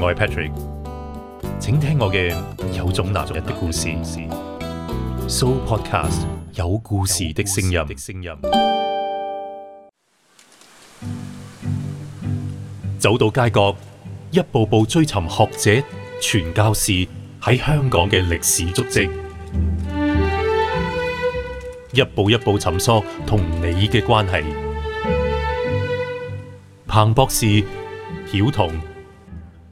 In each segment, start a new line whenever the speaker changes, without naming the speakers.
我係 Patrick，請聽我嘅有種男人的故事。So Podcast 有故事的聲音。走到街角，一步步追尋學者、傳教士喺香港嘅歷史足跡，一步一步尋索同你嘅關係。彭博士曉彤。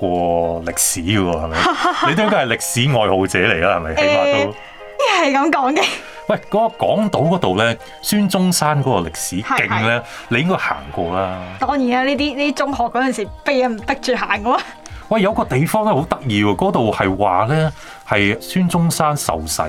過歷史嘅喎，係咪？ 你都應該係歷史愛好者嚟啦，係咪？欸、起碼
都，係咁講嘅。
喂，嗰、嗰個港島嗰度咧，孫中山嗰個歷史徑咧，你應該行過啦。
當然啦，呢啲呢啲中學嗰陣時，俾人逼住行
嘅。喂，有個地方咧，好得意喎，嗰度係話咧係孫中山受洗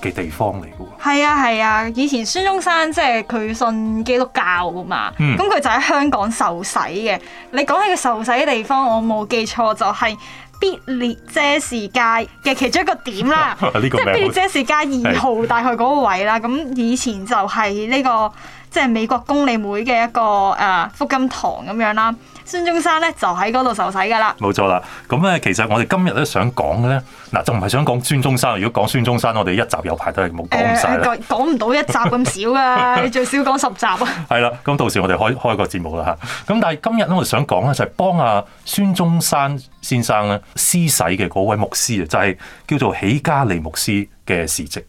嘅地方嚟
嘅喎。係啊係啊，以前孫中山即係佢信基督教嘛，咁佢、嗯、就喺香港受洗嘅。你講起個受洗嘅地方，我冇記錯就係、是、必列者士街嘅其中一個點啦，即係 必列者士街二號大概嗰個位啦。咁是的笑以前就係呢、這個。即係美國公理會嘅一個誒、啊、福音堂咁樣啦，孫中山咧就喺嗰度受洗噶啦。
冇錯啦，咁咧其實我哋今日都想講咧，嗱、啊、就唔係想講孫中山。如果講孫中山，我哋一集有排都係冇講晒啦。
講唔、呃呃、到一集咁少噶，你 最少講十集啊。
係啦， 咁到時我哋開開個節目啦吓。咁但係今日咧，我哋想講咧就係幫阿孫中山先生咧施洗嘅嗰位牧師啊，就係、是、叫做喜加利牧師嘅事跡。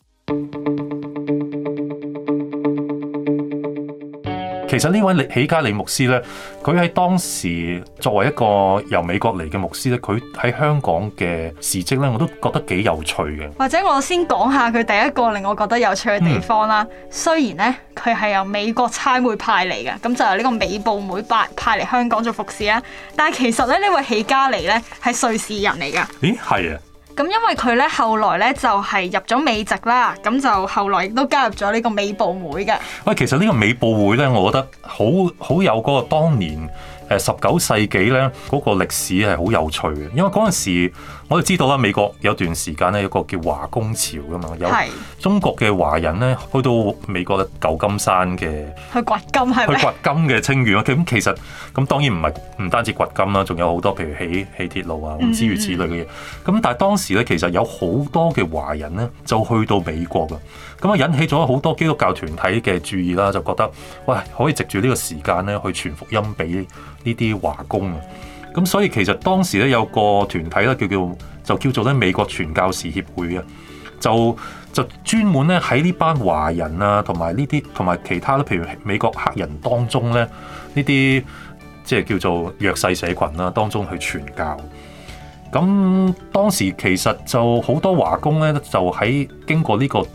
其實呢位李喜嘉理牧師呢，佢喺當時作為一個由美國嚟嘅牧師呢，佢喺香港嘅事蹟呢，我都覺得幾有趣嘅。
或者我先講下佢第一個令我覺得有趣嘅地方啦。嗯、雖然呢，佢係由美國差會派嚟嘅，咁就由呢個美部會派派嚟香港做服侍啦。但係其實咧呢位喜嘉理呢，係瑞士人嚟㗎。咦係啊！咁因為佢咧後來咧就係入咗美籍啦，咁就後來亦都加入咗呢個美部會嘅。
喂，其實呢個美部會咧，我覺得好好有嗰個當年誒十九世紀咧嗰個歷史係好有趣嘅，因為嗰陣時。我哋知道啦，美國有段時間咧，有個叫華工潮噶嘛，有是中國嘅華人咧去到美國嘅舊金山嘅
去掘金係咪？去掘
金嘅清遠咁其實咁當然唔係唔單止掘金啦，仲有好多譬如起起鐵路啊之如此類嘅嘢。咁、嗯、但係當時咧，其實有好多嘅華人咧就去到美國㗎，咁啊引起咗好多基督教團體嘅注意啦，就覺得喂，可以藉住呢個時間咧去傳福音俾呢啲華工啊。咁所以其實當時咧有個團體咧叫，叫就叫做咧美國傳教士協會，就就啊，就就專門咧喺呢班華人啦，同埋呢啲同埋其他咧，譬如美國黑人當中咧呢啲即係叫做弱勢社群啦、啊，當中去傳教。咁當時其實就好多華工咧，就喺經過個機呢個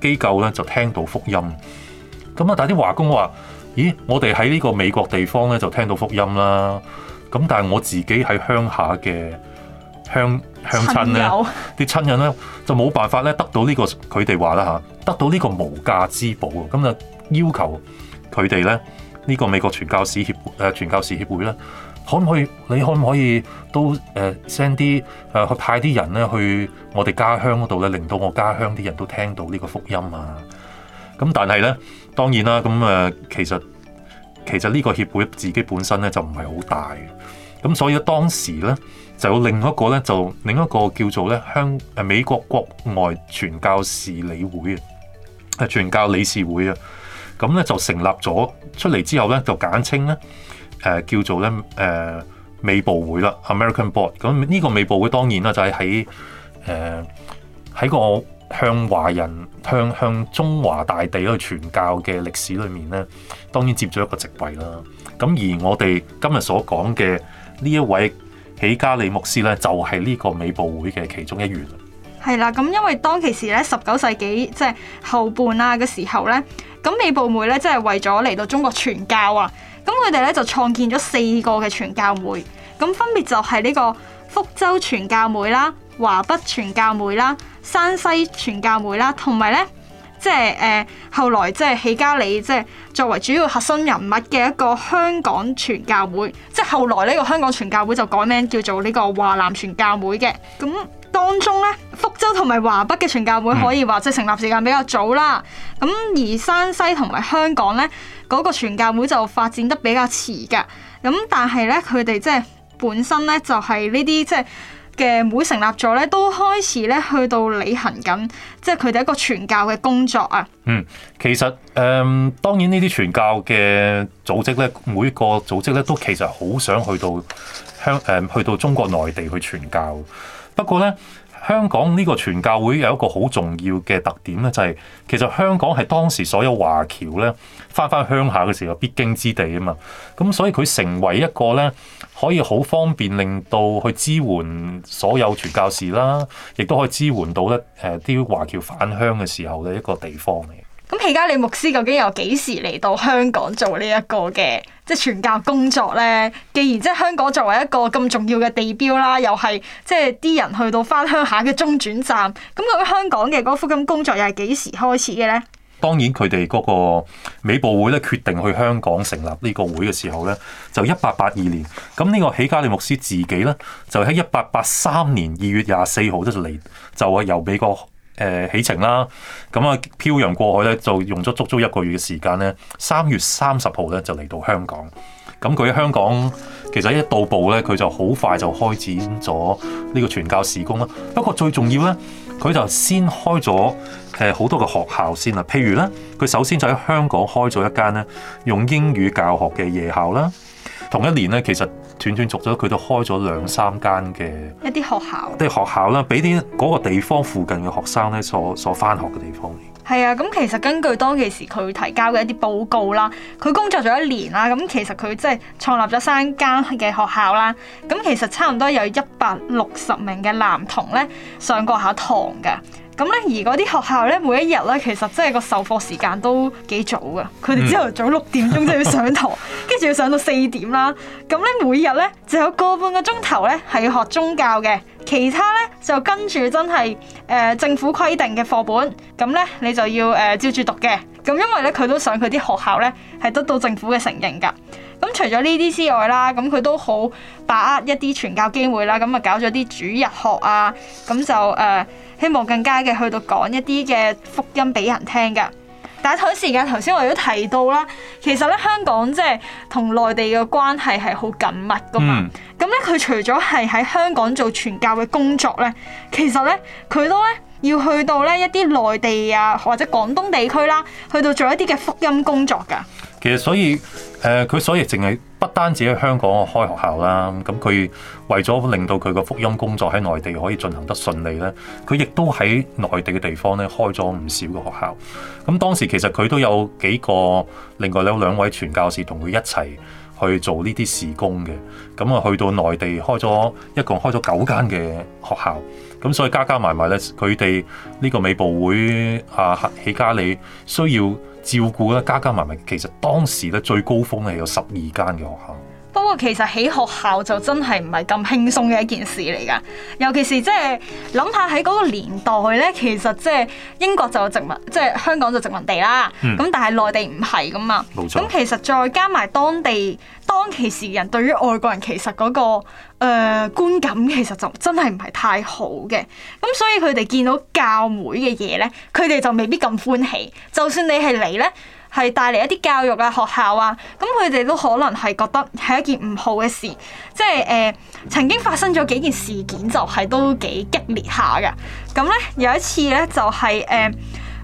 機構咧就聽到福音。咁啊，但係啲華工話：「咦，我哋喺呢個美國地方咧就聽到福音啦。咁但係我自己喺鄉下嘅鄉鄉親咧，啲親，友親人咧就冇辦法咧得到呢個佢哋話啦吓，得到呢個無價之寶啊！咁就要求佢哋咧呢個美國傳教士協誒、啊、傳教士協會咧，可唔可以你可唔可以都誒 send 啲誒去派啲人咧去我哋家鄉嗰度咧，令到我家鄉啲人都聽到呢個福音啊！咁但係咧當然啦，咁誒、呃、其實其實呢個協會自己本身咧就唔係好大。咁所以當時咧，就有另一個咧，就另一個叫做咧香誒美國國外傳教士理會啊，誒傳教理事會啊，咁咧就成立咗出嚟之後咧，就簡稱咧誒、呃、叫做咧誒、呃、美部會啦 （American Board）。咁呢個美部會當然啦，就係喺誒喺個向華人向向中華大地去個傳教嘅歷史裏面咧，當然接咗一個席位啦。咁而我哋今日所講嘅。呢一位起加利牧師咧，就係、是、呢個美部會嘅其中一員。
係啦，咁因為當其時咧，十九世紀即係後半啊嘅時候咧，咁美部會咧，即係為咗嚟到中國傳教啊，咁佢哋咧就創建咗四個嘅傳教會，咁分別就係呢個福州傳教會啦、華北傳教會啦、山西傳教會啦，同埋咧。即係誒、呃，後來即係起家你即係作為主要核心人物嘅一個香港傳教會，即係後來呢個香港傳教會就改名叫做呢個華南傳教會嘅。咁當中呢，福州同埋華北嘅傳教會可以話即係成立時間比較早啦。咁而山西同埋香港呢，嗰、嗰個傳教會就發展得比較遲㗎。咁但係呢，佢哋即係本身呢，就係呢啲即係。嘅會成立咗咧，都開始咧去到履行緊，即係佢哋一個傳教嘅工作啊。嗯，
其實誒、呃，當然呢啲傳教嘅組織咧，每一個組織咧都其實好想去到香誒、呃、去到中國內地去傳教，不過咧。香港呢個傳教會有一個好重要嘅特點咧，就係其實香港係當時所有華僑咧返返鄉下嘅時候必經之地啊嘛，咁所以佢成為一個咧可以好方便令到去支援所有傳教士啦，亦都可以支援到咧誒啲華僑返鄉嘅時候嘅一個地方嚟嘅。
咁喜嘉理牧師，究竟又幾時嚟到香港做呢一個嘅即係傳教工作咧？既然即係香港作為一個咁重要嘅地標啦，又係即係啲人去到翻鄉下嘅中轉站，咁究竟香港嘅嗰個福音工作又係幾時開始嘅咧？
當然佢哋嗰個美部會咧決定去香港成立呢個會嘅時候咧，就一八八二年。咁呢個喜嘉理牧師自己咧，就喺一八八三年二月廿四號都嚟，就話由美國。誒、嗯、起程啦，咁啊漂洋過海咧，就用咗足足一個月嘅時間咧。三月三十號咧就嚟到香港，咁佢喺香港其實一到埗咧，佢就好快就開展咗呢個傳教事工啦。不過最重要咧，佢就先開咗誒好多嘅學校先啦。譬如咧，佢首先就喺香港開咗一間咧用英語教學嘅夜校啦。同一年咧，其實。斷斷續續，佢都開咗兩三間嘅
一啲學校，
啲學校啦，俾啲嗰個地方附近嘅學生咧所所返學嘅地方。
係啊，咁、嗯、其實根據當其時佢提交嘅一啲報告啦，佢工作咗一年啦，咁、嗯、其實佢即係創立咗三間嘅學校啦，咁、嗯、其實差唔多有一百六十名嘅男童咧上過下堂㗎。咁咧，而嗰啲學校咧，每一日咧，其實真係個授課時間都幾早噶。佢哋朝頭早六點鐘就要上堂，跟住 要上到四點啦。咁咧，每日咧就有個半個鐘頭咧係要學宗教嘅，其他咧就跟住真係誒、呃、政府規定嘅課本。咁咧，你就要誒、呃、照住讀嘅。咁因為咧，佢都想佢啲學校咧係得到政府嘅承認㗎。咁除咗呢啲之外啦，咁佢都好把握一啲傳教機會啦。咁啊，搞咗啲主日學啊，咁就誒。呃希望更加嘅去到講一啲嘅福音俾人聽噶。但係睇時間，頭先我亦都提到啦，其實咧香港即係同內地嘅關係係好緊密噶嘛。咁咧，佢除咗係喺香港做傳教嘅工作咧，其實咧佢都咧要去到咧一啲內地啊，或者廣東地區啦，啊，去到做一啲嘅福音工作噶。
其實所以，誒、呃、佢所以淨係不單止喺香港開學校啦，咁佢為咗令到佢個福音工作喺內地可以進行得順利咧，佢亦都喺內地嘅地方咧開咗唔少嘅學校。咁當時其實佢都有幾個，另外有兩位傳教士同佢一齊去做呢啲事工嘅，咁啊去到內地開咗一共開咗九間嘅學校。咁所以加加埋埋咧，佢哋呢個美博會啊，乞乞家裏需要照顧咧，加加埋埋，其實當時咧最高峰係有十二間嘅學校。
不過其實喺學校就真係唔係咁輕鬆嘅一件事嚟噶，尤其是即係諗下喺嗰個年代咧，其實即係英國就有殖民，即係香港就殖民地啦。咁、嗯、但係內地唔係㗎嘛。冇錯。咁其實再加埋當地當其時人對於外國人其實嗰個誒觀感其實就真係唔係太好嘅。咁所以佢哋見到教會嘅嘢咧，佢哋就未必咁歡喜。就算你係嚟咧，係帶嚟一啲教育啊、學校啊，咁佢哋都可能係覺得係一件唔好嘅事，即係誒、呃、曾經發生咗幾件事件就係、是、都幾激烈下㗎。咁咧有一次咧就係、是、誒、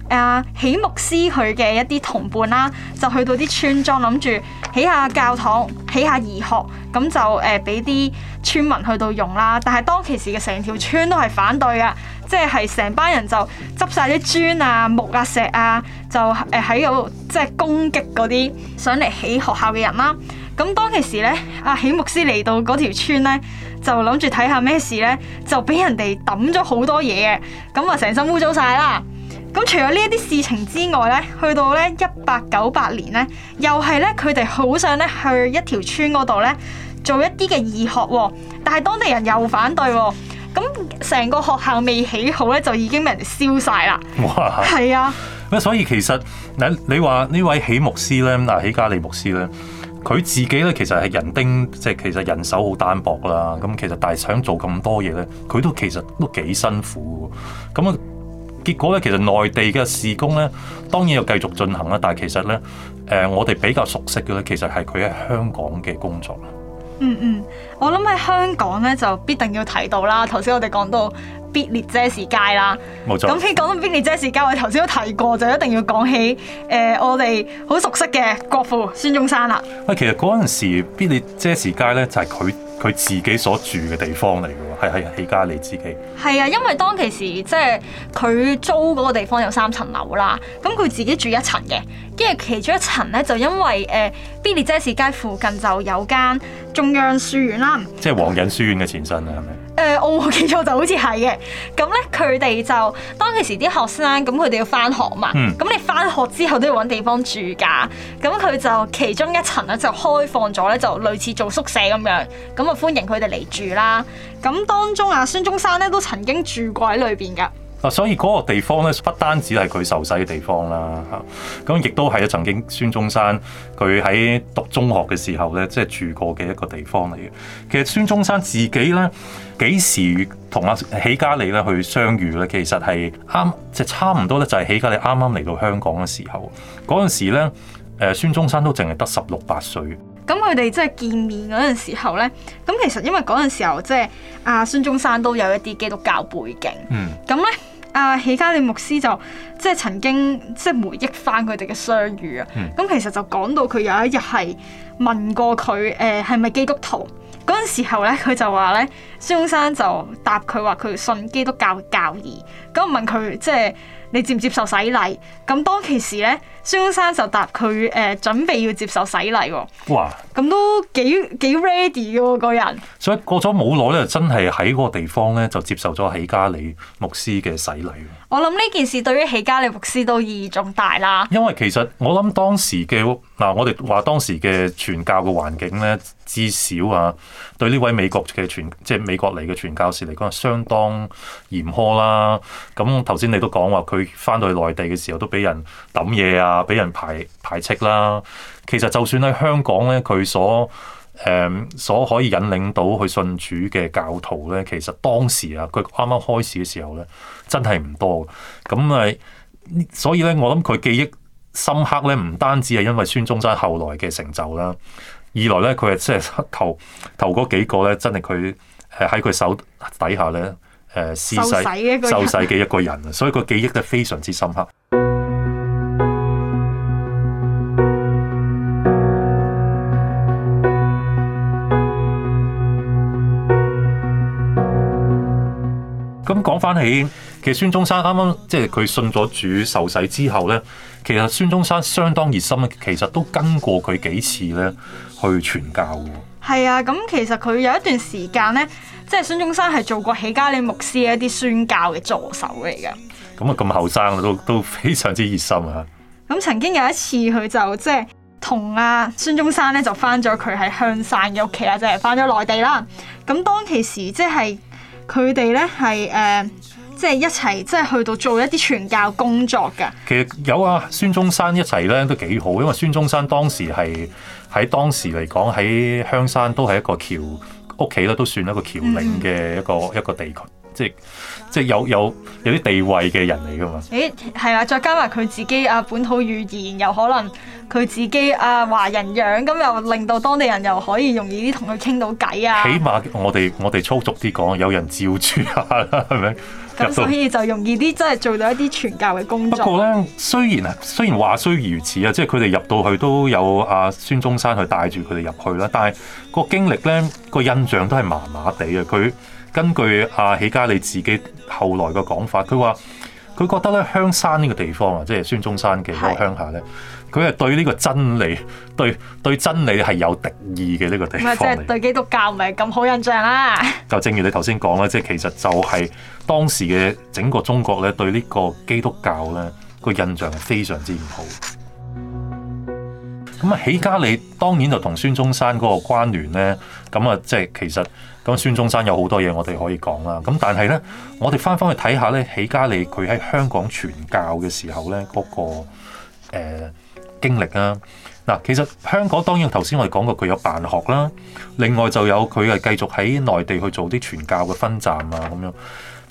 呃、啊起牧師佢嘅一啲同伴啦，就去到啲村莊諗住起下教堂、起下義學，咁就誒俾啲村民去到用啦。但係當其時嘅成條村都係反對㗎。即係成班人就執晒啲磚啊木啊石啊，就誒喺度即係攻擊嗰啲想嚟起學校嘅人啦、啊。咁當其時呢，阿喜牧師嚟到嗰條村呢，就諗住睇下咩事呢，就俾人哋抌咗好多嘢嘅，咁啊成身污糟晒啦。咁除咗呢一啲事情之外呢，去到呢一八九八年呢，又係呢佢哋好想呢去一條村嗰度呢做一啲嘅義學、啊，但係當地人又反對、啊。咁成個學校未起好咧，就已經俾人燒晒啦！
哇，係啊，咁所以其實嗱，你話呢位起牧師咧，嗱起加利牧師咧，佢自己咧其實係人丁即係其實人手好單薄啦。咁其實但係想做咁多嘢咧，佢都其實都幾辛苦嘅。咁啊，結果咧，其實內地嘅事工咧，當然又繼續進行啦。但係其實咧，誒、呃、我哋比較熟悉嘅，其實係佢喺香港嘅工作。
嗯嗯，我諗喺香港咧就必定要提到啦。頭先我哋講到必列者士街啦，冇錯，咁先講到必列者士街，我哋頭先都提過，就一定要講起誒、呃，我哋好熟悉嘅國父孫中山啦。
喂，其實嗰陣時必列者士街咧就係、是、佢。佢自己所住嘅地方嚟嘅喎，係啊，起家你自己。
係啊，因為當其時即係佢租嗰個地方有三層樓啦，咁佢自己住一層嘅，跟住其中一層咧就因為誒必列者士街附近就有間中央書院啦，
即係皇仁書院嘅前身啦，係咪？
誒，我冇記錯就好似係嘅，咁咧佢哋就當其時啲學生，咁佢哋要返學嘛，咁、嗯、你返學之後都要搵地方住㗎，咁佢就其中一層咧就開放咗咧，就類似做宿舍咁樣，咁啊歡迎佢哋嚟住啦，咁當中啊孫中山咧都曾經住過喺裏邊㗎。
嗱，所以嗰個地方咧，不單止係佢受洗嘅地方啦，嚇，咁亦都係曾經孫中山佢喺讀中學嘅時候咧，即係住過嘅一個地方嚟嘅。其實孫中山自己咧幾時同阿喜嘉利咧去相遇咧？其實係啱，即係差唔多咧，就係喜嘉利啱啱嚟到香港嘅時候，嗰陣時咧，誒孫中山都淨係得十六八歲。
咁佢哋即係見面嗰陣時候咧，咁其實因為嗰陣時候即係阿孫中山都有一啲基督教背景，嗯，咁咧。阿喜嘉理牧師就即係曾經即係回憶翻佢哋嘅相遇啊，咁、嗯、其實就講到佢有一日係問過佢誒係咪基督徒？嗰陣時候咧佢就話咧孫中山就答佢話佢信基督教教義，咁問佢即係你接唔接受洗禮？咁當其時咧。孫中山就答佢誒、呃，準備要接受洗禮喎、哦。哇嘩！咁都幾幾 ready 嘅、哦、喎，個人。
所以過咗冇耐咧，真係喺嗰個地方咧就接受咗喜嘉理牧師嘅洗禮。
我諗呢件事對於喜嘉理牧師都意義重大啦。
因為其實我諗當時嘅嗱，我哋話當時嘅傳教嘅環境咧，至少啊，對呢位美國嘅傳即係美國嚟嘅傳教士嚟講係相當嚴苛啦。咁頭先你都講話佢翻到去內地嘅時候都俾人抌嘢啊。啊！俾人排排斥啦。其實就算喺香港咧，佢所誒、嗯、所可以引領到去信主嘅教徒咧，其實當時啊，佢啱啱開始嘅時候咧，真係唔多咁啊，所以咧，我諗佢記憶深刻咧，唔單止係因為孫中山後來嘅成就啦，二來咧，佢係即係頭頭嗰幾個咧，真係佢係喺佢手底下咧，誒、呃，受洗、受洗嘅一個人啊，人 所以個記憶都非常之深刻。翻起其實孫中山啱啱即係佢信咗主受洗之後咧，其實孫中山相當熱心啊，其實都跟過佢幾次咧去傳教喎。
係啊，咁、嗯、其實佢有一段時間咧，即係孫中山係做過喜嘉理牧師嘅一啲宣教嘅助手嚟嘅。
咁啊、嗯，咁後生都都非常之熱心啊。
咁、嗯、曾經有一次佢就即係同阿孫中山咧就翻咗佢喺香山嘅屋企啦，即係翻咗內地啦。咁、嗯、當其時即、就、係、是。佢哋呢係誒，即係一齊，即係去到做一啲傳教工作㗎。其
實有啊，孫中山一齊呢都幾好，因為孫中山當時係喺當時嚟講喺香山都係一個橋屋企呢，都算一個橋嶺嘅一個、嗯、一個地區。即係即係有有有啲地位嘅人嚟噶嘛？誒
係啊，再加埋佢自己啊本土語言，又可能佢自己啊華人樣，咁又令到當地人又可以容易啲同佢傾到偈啊！
起碼我哋我哋粗俗啲講，有人照住啊，係咪？咁所以
就容易啲，真係做到一啲傳教
嘅工作。不過咧，雖然啊，雖然話雖如此啊，即係佢哋入到去都有啊孫中山去帶住佢哋入去啦，但係個經歷咧個印象都係麻麻地啊佢。根據阿喜嘉理自己後來嘅講法，佢話佢覺得咧香山呢個地方啊，即係孫中山嘅個鄉下咧，佢係對呢個真理對對真理係有敵意嘅呢個地方。即係
對基督教唔係咁好印象啦。
就正如你頭先講啦，即係其實就係當時嘅整個中國咧，對呢個基督教咧個印象係非常之唔好。咁啊，喜嘉理當然就同孫中山嗰個關聯咧。咁啊，即係其實咁，孫中山有好多嘢我哋可以講啦。咁但係咧，我哋翻翻去睇下咧，喜嘉理，佢喺香港傳教嘅時候咧嗰、嗰個誒、呃、經歷啊。嗱，其實香港當然頭先我哋講過佢有辦學啦，另外就有佢係繼續喺內地去做啲傳教嘅分站啊咁樣。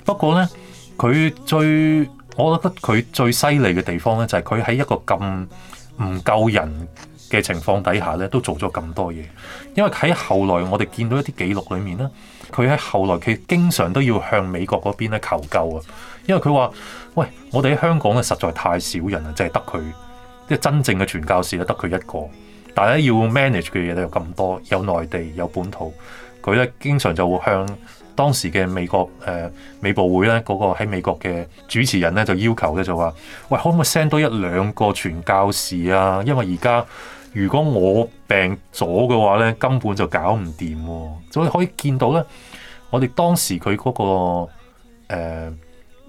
不過咧，佢最我覺得佢最犀利嘅地方咧，就係佢喺一個咁唔夠人。嘅情況底下咧，都做咗咁多嘢，因為喺後來我哋見到一啲記錄裏面咧，佢喺後來佢經常都要向美國嗰邊咧求救啊，因為佢話：喂，我哋喺香港咧實在太少人啊，就係得佢即係真正嘅傳教士咧得佢一個，但係咧要 manage 嘅嘢咧有咁多，有內地有本土，佢咧經常就會向當時嘅美國誒、呃、美部會咧嗰、那個喺美國嘅主持人咧就要求咧就話：喂，可唔可以 send 多一兩個傳教士啊？因為而家。如果我病咗嘅話咧，根本就搞唔掂喎。所以可以見到咧，我哋當時佢嗰、那個、呃、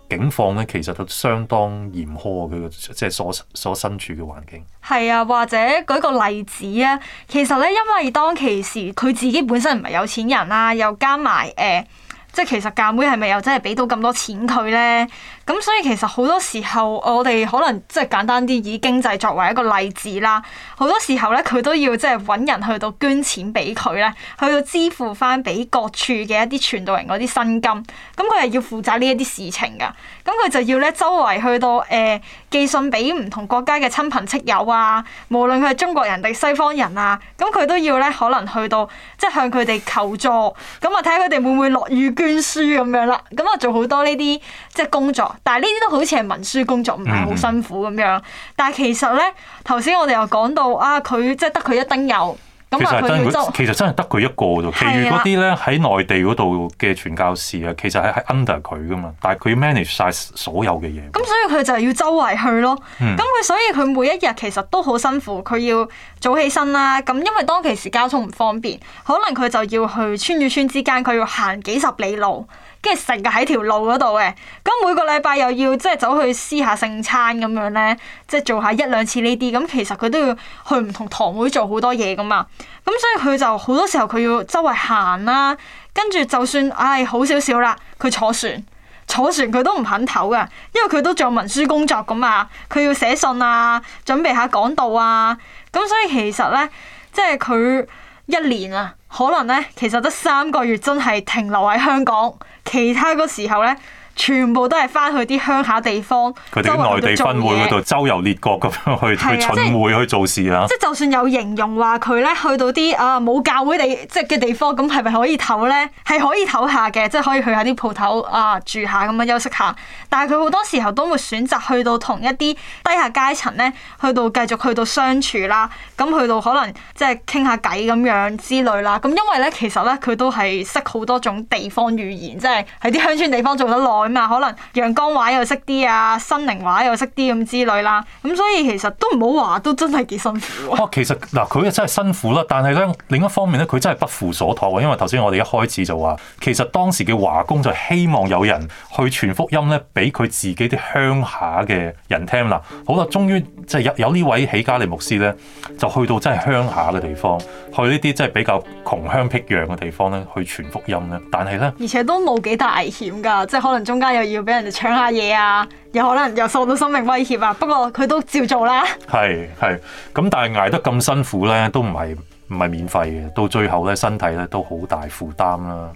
警境況咧，其實都相當嚴苛佢佢即係所所,所身處嘅環境。
係啊，或者舉個例子啊，其實咧，因為當其時佢自己本身唔係有錢人啦、啊，又加埋誒、呃，即係其實嫁妹係咪又真係俾到咁多錢佢咧？咁所以其實好多時候，我哋可能即係簡單啲，以經濟作為一個例子啦。好多時候咧，佢都要即係揾人去到捐錢俾佢咧，去到支付翻俾各處嘅一啲傳道人嗰啲薪金。咁佢係要負責呢一啲事情噶。咁佢就要咧周圍去到誒、呃、寄信俾唔同國家嘅親朋戚友啊，無論佢係中國人定西方人啊。咁佢都要咧可能去到即係向佢哋求助。咁啊睇下佢哋會唔會樂意捐書咁樣啦。咁啊做好多呢啲即係工作。但係呢啲都好似係文書工作，唔係好辛苦咁樣。嗯、但係其實呢，頭先我哋又講到啊，佢即係得佢一丁有，咁啊佢就其
實真係得佢一個啫。的其餘嗰啲呢，喺內地嗰度嘅傳教士啊，其實係 under 佢㗎嘛，但係佢要 manage 晒所有嘅嘢。
咁所以佢就要周圍去咯。咁佢、嗯、所以佢每一日其實都好辛苦，佢要早起身啦。咁因為當其時交通唔方便，可能佢就要去村與村之間，佢要行幾十里路。跟住成日喺條路嗰度嘅，咁每個禮拜又要即係走去私下聖餐咁樣咧，即係做下一兩次呢啲，咁其實佢都要去唔同堂會做好多嘢噶嘛，咁所以佢就好多時候佢要周圍行啦，跟住就算唉、哎、好少少啦，佢坐船，坐船佢都唔肯唞噶，因為佢都做文書工作噶嘛，佢要寫信啊，準備下講道啊，咁所以其實咧，即係佢一年啊。可能呢，其實得三個月，真係停留喺香港，其他嗰時候呢。全部都係翻去啲鄉下地方，佢哋內地分會嗰度
周遊列國咁樣 去去、啊、巡迴去做事啦、啊。即係就，
就算有形容話佢咧去到啲啊冇教會地即係嘅地方，咁係咪可以唞咧？係可以唞下嘅，即、就、係、是、可以去、啊、下啲鋪頭啊住下咁樣休息下。但係佢好多時候都會選擇去到同一啲低下階層咧，去到繼續去到相處啦。咁去到可能即係傾下偈咁樣之類啦。咁因為咧其實咧佢都係識好多種地方語言，即係喺啲鄉村地方做得落。可能陽江話又識啲啊，新寧話又識啲咁之類啦、啊，咁所以其實都唔好話都真係幾辛
苦、啊、哦，其實嗱，佢真係辛苦啦，但係咧另一方面咧，佢真係不負所託，因為頭先我哋一開始就話，其實當時嘅華工就希望有人去傳福音咧，俾佢自己啲鄉下嘅人聽啦。好啦，終於即係、就是、有有呢位喜嘉理牧師咧，就去到真係鄉下嘅地方，去呢啲即係比較窮鄉僻壤嘅地方咧，去傳福音咧。但係咧，而
且都冇幾大危險㗎，即係可能。中間又要俾人哋搶下嘢啊，又可能又受到生命威脅啊。不過佢都照做啦。
係，係，咁但係捱得咁辛苦咧，都唔係唔係免費嘅。到最後咧，身體咧都好大負擔啦。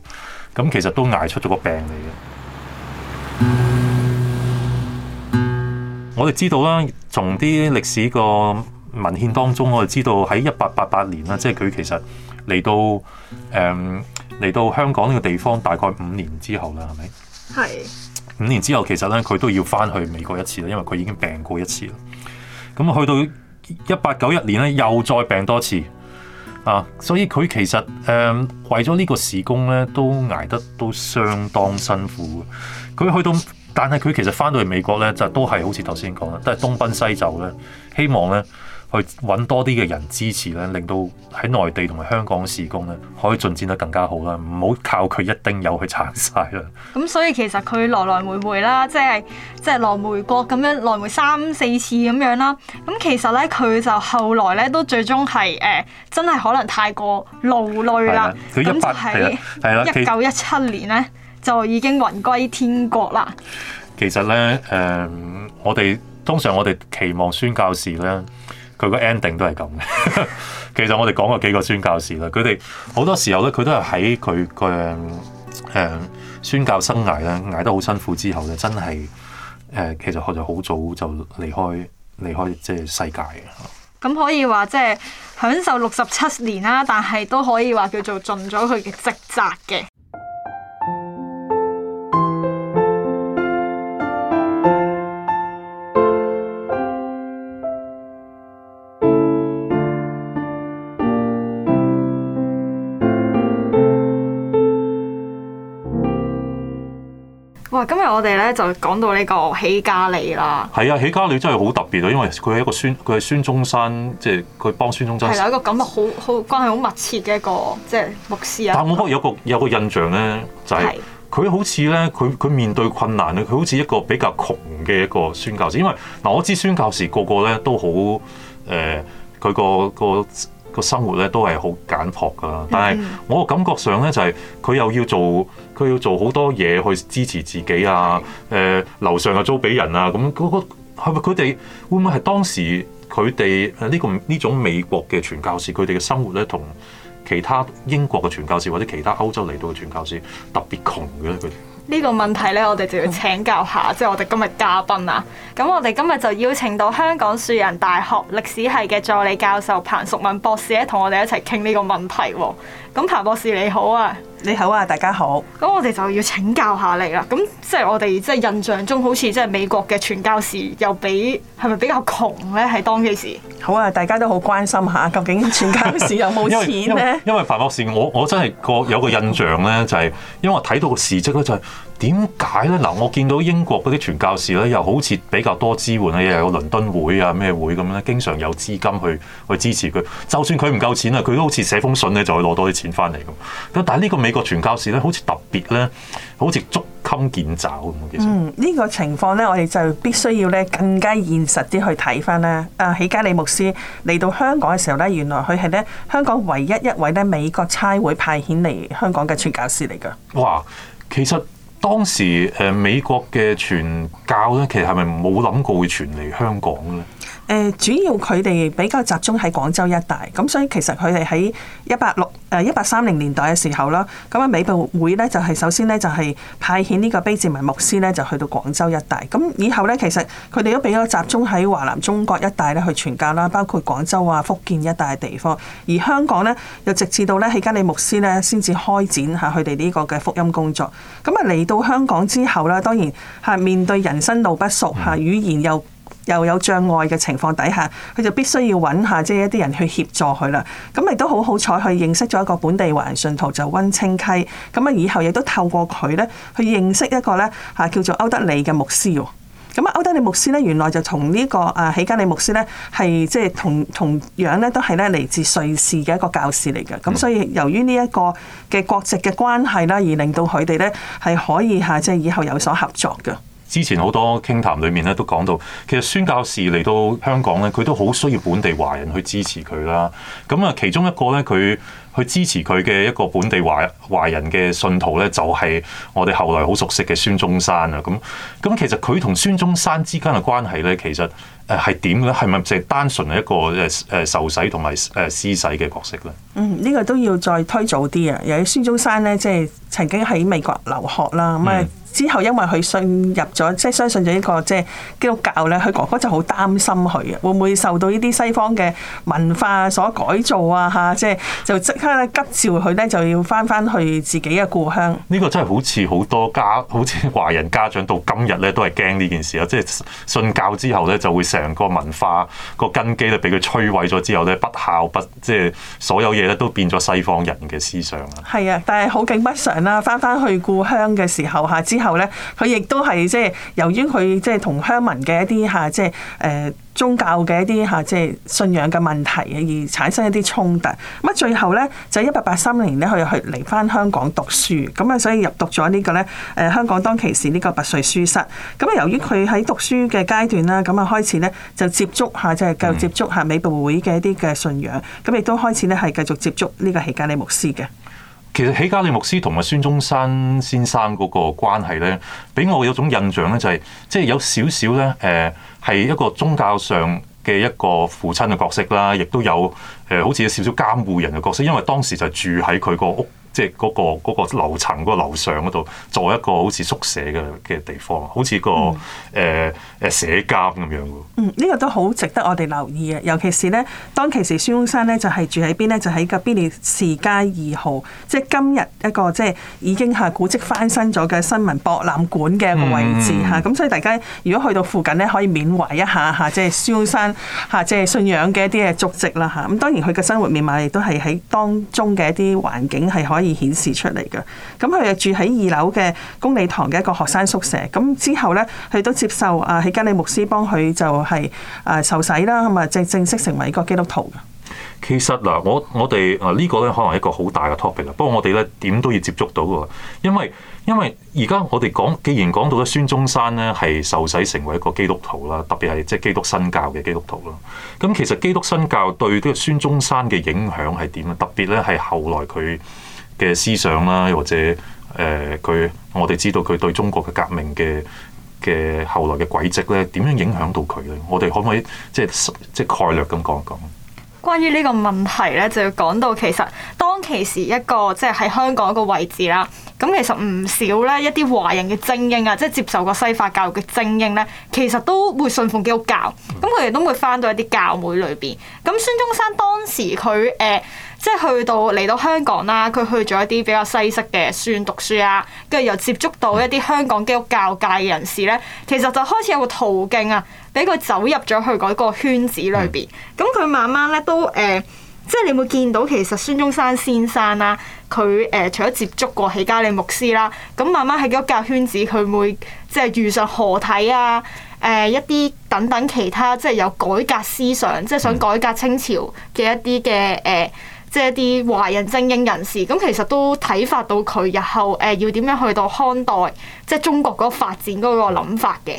咁其實都捱出咗個病嚟嘅。 我哋知道啦，從啲歷史個文獻當中，我哋知道喺一八八八年啦，即係佢其實嚟到誒嚟，嗯，到香港呢個地方大概五年之後啦，係咪？係是五年之後，其實咧佢都要翻去美國一次啦，因為佢已經病過一次啦。咁啊，去到一八九一年咧，又再病多次啊，所以佢其實誒、呃、為咗呢個事工咧，都捱得都相當辛苦嘅。佢去到，但係佢其實翻到去美國咧，就都係好似頭先講啦，都係東奔西走咧，希望咧。去揾多啲嘅人支持咧，令到喺內地同埋香港事工咧可以進展得更加好啦。唔好靠佢一丁友去撐晒啦。
咁所以其實佢來來回回啦，即係即係來回國咁樣來回三四次咁樣啦。咁其實咧，佢就後來咧都最終係誒、呃、真係可能太過勞累啦。咁、啊、就喺一九一七年咧，啊啊啊、就已經魂歸天國啦。
其實咧，誒、呃，我哋通常我哋期望宣教士咧。佢個 ending 都係咁嘅，其實我哋講過幾個宣教士啦，佢哋好多時候咧，佢都係喺佢個誒宣教生涯咧捱得好辛苦之後咧，真係誒、呃、其實佢就好早就離開離開即係世界嘅。
咁可以話即係享受六十七年啦、啊，但係都可以話叫做盡咗佢嘅職責嘅。今日我哋咧就講到呢個喜嘉理啦。
係啊，喜嘉理真係好特別啊，因為佢係一個孫，佢係孫中山，即係佢幫孫中山。係、啊、一個
咁啊，好好關係好密切嘅一個即係、就是、牧師啊。但我
覺得有個有個印象咧，就係、是、佢好似咧，佢佢面對困難咧，佢好似一個比較窮嘅一個宣教士。因為嗱、嗯，我知宣教士個個咧都好誒，佢、呃、個個。個個生活咧都係好簡樸噶，但係我感覺上咧就係、是、佢又要做，佢要做好多嘢去支持自己啊！誒、呃，樓上又租俾人啊！咁嗰個係咪佢哋會唔會係當時佢哋誒呢個呢種美國嘅傳教士，佢哋嘅生活咧同其他英國嘅傳教士或者其他歐洲嚟到嘅傳教士特別窮嘅咧？佢
呢個問題呢，我哋就要請教下，即係我哋今日嘉賓啊。咁我哋今日就邀請到香港樹仁大學歷史系嘅助理教授彭淑敏博士咧，同我哋一齊傾呢個問題喎。咁彭博士你好啊！你好啊，大家好。咁我哋就要請教下你啦。咁即係我哋即係印象中，好似即係美國嘅傳教士又比係咪比較窮呢？喺當其時。好啊，大家都好關心下，究竟傳教士有冇錢呢？
因為范博士，我我真係個有個印象呢，就係、是、因為我睇到個事蹟咧，就係、是。點解呢？嗱，我見到英國嗰啲傳教士咧，又好似比較多支援啊，又有倫敦會啊咩會咁咧，經常有資金去去支持佢。就算佢唔夠錢啊，佢都好似寫封信咧，就會攞多啲錢翻嚟咁。咁但係呢個美國傳教士咧，好似特別咧，好似捉襟見肘咁。其實嗯，
呢、這個情況咧，我哋就必須要咧更加現實啲去睇翻咧。啊，喜嘉理牧師嚟到香港嘅時候咧，原來佢係咧香港唯一一位咧美國差會派遣嚟香港嘅傳教士嚟㗎。哇，
其實～當時美國嘅傳教呢，其實係咪冇諗過會傳嚟香港呢？
主要佢哋比較集中喺廣州一帶，咁所以其實佢哋喺一八六誒一八三零年代嘅時候啦，咁啊美部會呢，就係、係、首先呢，就係派遣呢個裨治文牧師呢，就去到廣州一帶，咁以後呢，其實佢哋都比較集中喺華南中國一帶呢，去傳教啦，包括廣州啊、福建一帶嘅地方，而香港呢，又直至到呢，喜嘉理牧師呢，先至開展下佢哋呢個嘅福音工作，咁啊嚟到香港之後啦，當然係面對人生路不熟嚇語言又，又有障礙嘅情況底下，佢就必須要揾下即係一啲人去協助佢啦。咁亦都好好彩，去認識咗一個本地華人信徒就溫清溪。咁啊，以後亦都透過佢呢，去認識一個呢嚇叫做歐德利嘅牧師。咁啊，歐德利牧師呢，原來就同呢個喜加利牧師呢，係即係同同樣呢，都係呢嚟自瑞士嘅一個教士嚟嘅。咁所以由於呢一個嘅國籍嘅關係啦，而令到佢哋呢，係可以嚇即係以後有所合作嘅。
之前好多傾談裏面咧都講到，其實宣教士嚟到香港咧，佢都好需要本地華人去支持佢啦。咁啊，其中一個咧，佢去支持佢嘅一個本地華華人嘅信徒咧，就係、是、我哋後來好熟悉嘅孫中山啊。咁咁其實佢同孫中山之間嘅關係咧，其實誒係點咧？係咪淨係單純係一個誒誒受洗同埋誒施洗嘅角色咧？嗯，
呢、這個都要再推早啲啊！由於孫中山咧，即係。曾經喺美國留學啦，咁之後因為佢信入咗，嗯、即係相信咗呢個即係基督教咧，佢哥哥就好擔心佢啊，會唔會受到呢啲西方嘅文化所改造啊？嚇，即係就即刻急召佢咧，就要翻翻去自己嘅故鄉。
呢個真係好似好多家，好似華人家長到今日咧都係驚呢件事啊！即係信教之後咧，就會成個文化個根基咧俾佢摧毀咗之後咧，不孝不即係所有嘢咧都變咗西方人嘅思想啊。
係啊，但係好景不常。啦，翻翻去故鄉嘅時候嚇，之後呢，佢亦都係即係由於佢即係同鄉民嘅一啲嚇即係宗教嘅一啲嚇即係信仰嘅問題而產生一啲衝突。咁最後呢，就係一八八三年佢去去嚟翻香港讀書，咁啊所以入讀咗呢、呢個咧誒香港當其時呢個拔萃書室。咁啊由於佢喺讀書嘅階段啦，咁啊開始咧就接觸下即係繼續接觸嚇美部會嘅一啲嘅信仰，咁亦都開始咧
係繼續接觸呢個係喜嘉理牧師嘅。其實起加利牧師同埋孫中山先生嗰個關係呢，俾我有種印象呢、就是，就係即係有少少呢，誒係一個宗教上嘅一個父親嘅角色啦，亦都有。誒好似有少少監護人嘅角色，因為當時就住喺佢個屋，即係嗰個嗰、那個樓層嗰、那個樓上嗰度，做一個好似宿舍嘅嘅地方，好似個誒誒、嗯欸、舍監咁樣嗯，呢、
這個都好值得我哋留意嘅，尤其是呢。當其時孫中山呢，就係住喺邊呢？就喺個必列者士街二號，即係今日一個即係、就是、已經係古蹟翻新咗嘅新聞博覽館嘅一個位置嚇。咁所以大家如果去到附近呢，可以緬懷一下嚇，即係孫中山嚇，即、啊、係、就是、信仰嘅一啲嘅足跡啦嚇。咁當然。啊啊啊啊啊啊啊佢嘅生活面貌亦都係喺當中嘅一啲環境係可以顯示出嚟嘅，咁佢就住喺二樓嘅公理堂嘅一個學生宿舍。咁之後呢，佢都接受啊，喜嘉理牧師幫佢就係、是、啊受洗啦，咁啊正正式成為一個基督徒。
其實嗱，我我哋啊呢、這個咧可能係一個好大嘅 topic 啦。不過我哋咧點都要接觸到噶，因為。因為而家我哋講，既然講到咗孫中山咧係受洗成為一個基督徒啦，特別係即係基督新教嘅基督徒啦，咁其實基督新教對呢個孫中山嘅影響係點啊？特別咧係後來佢嘅思想啦，或者誒佢、呃，我哋知道佢對中國嘅革命嘅嘅後來嘅軌跡咧，點樣影響到佢咧？我哋可唔可以即係即係概略咁講一講？
關於呢個問題咧，就要講到其實當其時一個即係喺香港一個位置啦。咁其實唔少咧一啲華人嘅精英啊，即係接受過西法教育嘅精英咧，其實都會信奉基督教。咁佢哋都會返到一啲教會裏邊。咁孫中山當時佢誒、呃、即係去到嚟到香港啦，佢去咗一啲比較西式嘅書院讀書啊，跟住又接觸到一啲香港基督教界嘅人士咧，其實就開始有個途徑啊。俾佢走入咗去嗰個圈子裏邊，咁佢慢慢咧都誒、呃，即係你會見到其實孫中山先生啦、啊，佢誒、呃、除咗接觸過喜嘉理牧師啦、啊，咁慢慢喺嗰個圈子，佢會即係遇上何體啊，誒、呃、一啲等等其他即係有改革思想，即係想改革清朝嘅一啲嘅誒，即係一啲華人精英人士，咁其實都啟發到佢日後誒、呃、要點樣去到看待，即係中國嗰個發展嗰個諗法嘅。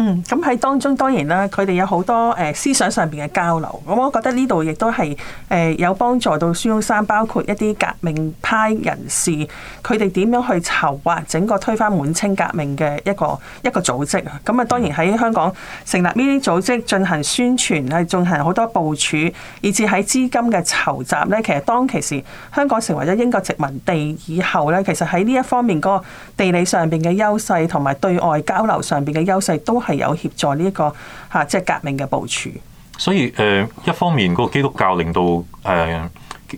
嗯，咁喺當中當然啦，佢哋有好多誒思想上邊嘅交流，咁我覺得呢度亦都係誒、呃、有幫助到孫中山，包括一啲革命派人士佢哋點樣去籌劃整個推翻滿清革命嘅一個一個組織啊！咁啊，當然喺香港成立呢啲組織進行宣傳咧，進行好多部署，以至喺資金嘅籌集咧，其實當其時香港成為咗英國殖民地以後咧，其實喺呢一方面個地理上邊嘅優勢同埋對外交流上邊嘅優勢都。係有協助呢一個吓，即係革命嘅部署。
所以誒，uh, 一方面個基督教令到誒誒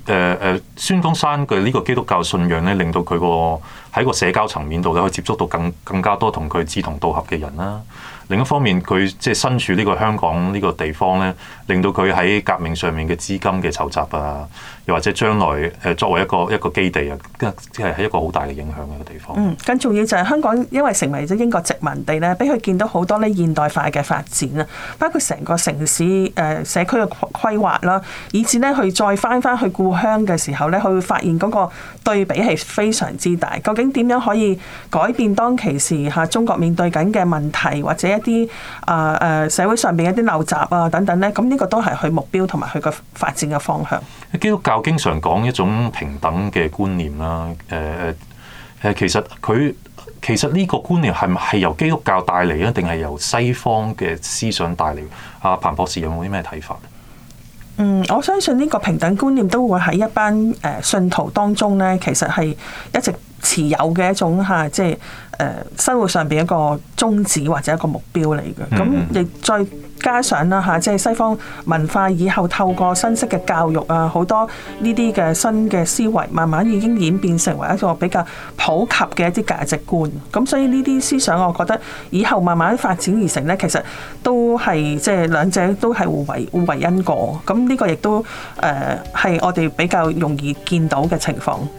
誒孫中山嘅呢個基督教信仰咧，令到佢個。喺個社交層面度咧，可以接觸到更更加多同佢志同道合嘅人啦、啊。另一方面，佢即係身處呢個香港呢個地方呢，令到佢喺革命上面嘅資金嘅籌集啊，又或者將來誒作為一個一個基地啊，即係喺一個好大嘅影響嘅地方。
嗯，更重要就係香港，因為成為咗英國殖民地呢，俾佢見到好多呢現代化嘅發展啊，包括成個城市誒、呃、社區嘅規劃啦，以至呢，佢再翻翻去故鄉嘅時候呢，佢會發現嗰個對比係非常之大。點點樣可以改變當其時吓中國面對緊嘅問題，或者一啲啊誒社會上邊一啲陋習啊等等呢？咁呢個都係佢目標同埋佢個發展嘅方向。
基督教經常講一種平等嘅觀念啦，誒、呃、其實佢其實呢個觀念係唔係由基督教帶嚟啊，定係由西方嘅思想帶嚟？阿、啊、彭博士有冇啲咩睇法？嗯，
我相信呢個平等觀念都會喺一班誒、呃、信徒當中呢，其實係一直。持有嘅一種嚇、啊，即係誒、呃、生活上邊一個宗旨或者一個目標嚟嘅。咁亦 再加上啦嚇、啊，即係西方文化以後透過新式嘅教育啊，好多呢啲嘅新嘅思維，慢慢已經演變成為一個比較普及嘅一啲價值觀。咁所以呢啲思想，我覺得以後慢慢發展而成呢，其實都係即係兩者都係互為互為因果。咁呢個亦都誒係我哋比較容易見到嘅情況。